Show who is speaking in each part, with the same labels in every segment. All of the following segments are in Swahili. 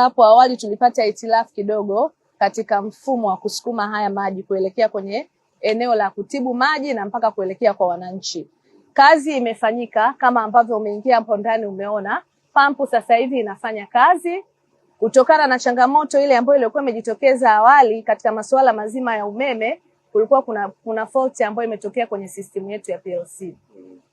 Speaker 1: Hapo awali tulipata itilafu kidogo katika mfumo wa kusukuma haya maji kuelekea kwenye eneo la kutibu maji na mpaka kuelekea kwa wananchi. Kazi imefanyika kama ambavyo umeingia hapo ndani umeona, pampu sasa hivi inafanya kazi kutokana na changamoto ile ambayo ilikuwa imejitokeza awali katika masuala mazima ya umeme. Kulikuwa kuna, kuna fault ambayo imetokea kwenye system yetu ya PLC.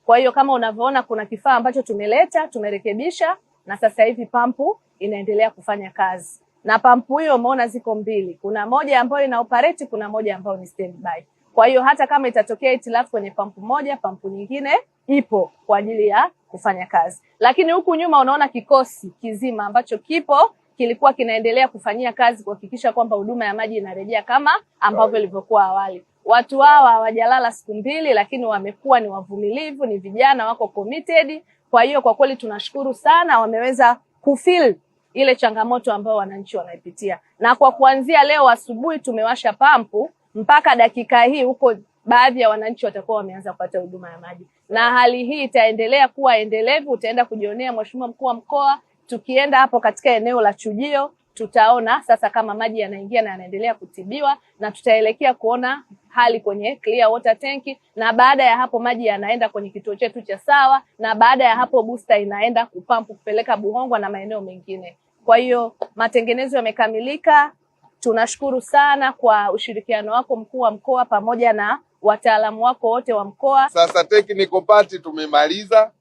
Speaker 1: Kwa hiyo kama unavyoona kuna kifaa ambacho tumeleta tumerekebisha na sasa hivi pampu inaendelea kufanya kazi, na pampu hiyo umeona ziko mbili, kuna moja ambayo ina operate, kuna moja ambayo ni standby. Kwa hiyo hata kama itatokea itilafu kwenye pampu moja, pampu nyingine ipo kwa ajili ya kufanya kazi. Lakini huku nyuma unaona kikosi kizima ambacho kipo kilikuwa kinaendelea kufanyia kazi kuhakikisha kwamba huduma ya maji inarejea kama ambavyo ilivyokuwa awali. Watu hawa hawajalala siku mbili, lakini wamekuwa ni wavumilivu, ni vijana wako committed. Kwa hiyo kwa kweli tunashukuru sana, wameweza kufil ile changamoto ambayo wananchi wanaipitia, na kwa kuanzia leo asubuhi tumewasha pampu mpaka dakika hii huko baadhi ya wananchi watakuwa wameanza kupata huduma ya maji, na hali hii itaendelea kuwa endelevu. Utaenda kujionea, Mheshimiwa Mkuu wa Mkoa, tukienda hapo katika eneo la Chujio tutaona sasa kama maji yanaingia na yanaendelea kutibiwa, na tutaelekea kuona hali kwenye clear water tank, na baada ya hapo maji yanaenda kwenye kituo chetu cha sawa, na baada ya hapo booster inaenda kupampu kupeleka Buhongwa na maeneo mengine. Kwa hiyo matengenezo yamekamilika. Tunashukuru sana kwa ushirikiano wako mkuu wa mkoa pamoja na wataalamu wako wote wa mkoa.
Speaker 2: Sasa technical part tumemaliza,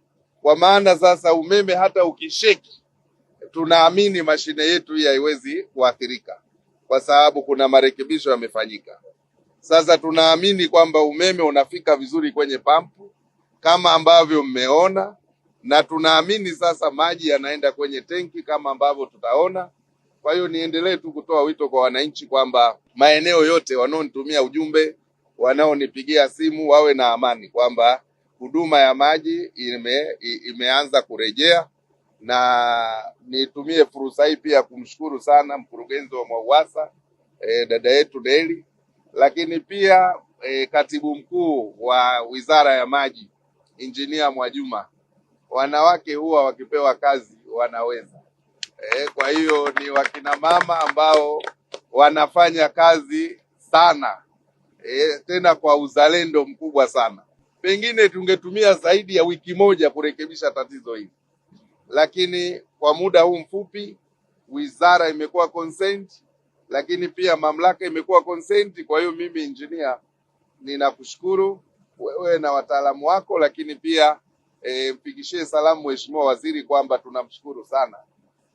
Speaker 2: kwa maana sasa umeme hata ukisheki tunaamini mashine yetu hii haiwezi kuathirika kwa sababu kuna marekebisho yamefanyika. Sasa tunaamini kwamba umeme unafika vizuri kwenye pampu kama ambavyo mmeona, na tunaamini sasa maji yanaenda kwenye tenki kama ambavyo tutaona. Kwa hiyo niendelee tu kutoa wito kwa wananchi kwamba maeneo yote wanaonitumia ujumbe, wanaonipigia simu wawe na amani kwamba huduma ya maji ime, imeanza kurejea na nitumie fursa hii pia kumshukuru sana mkurugenzi wa MWAUWASA e, dada yetu Deli, lakini pia e, katibu mkuu wa Wizara ya Maji Injinia Mwajuma. Wanawake huwa wakipewa kazi wanaweza e, kwa hiyo ni wakina mama ambao wanafanya kazi sana e, tena kwa uzalendo mkubwa sana. Pengine tungetumia zaidi ya wiki moja kurekebisha tatizo hili lakini kwa muda huu mfupi wizara imekuwa consent, lakini pia mamlaka imekuwa consent. Kwa hiyo mimi engineer, ninakushukuru wewe na wataalamu wako, lakini pia e, mpikishie salamu Mheshimiwa Waziri kwamba tunamshukuru sana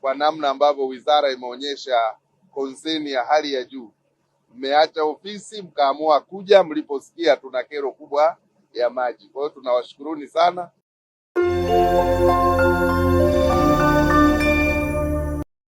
Speaker 2: kwa namna ambavyo wizara imeonyesha consent ya hali ya juu. Mmeacha ofisi mkaamua kuja mliposikia tuna kero kubwa ya maji. Kwa hiyo tunawashukuruni sana.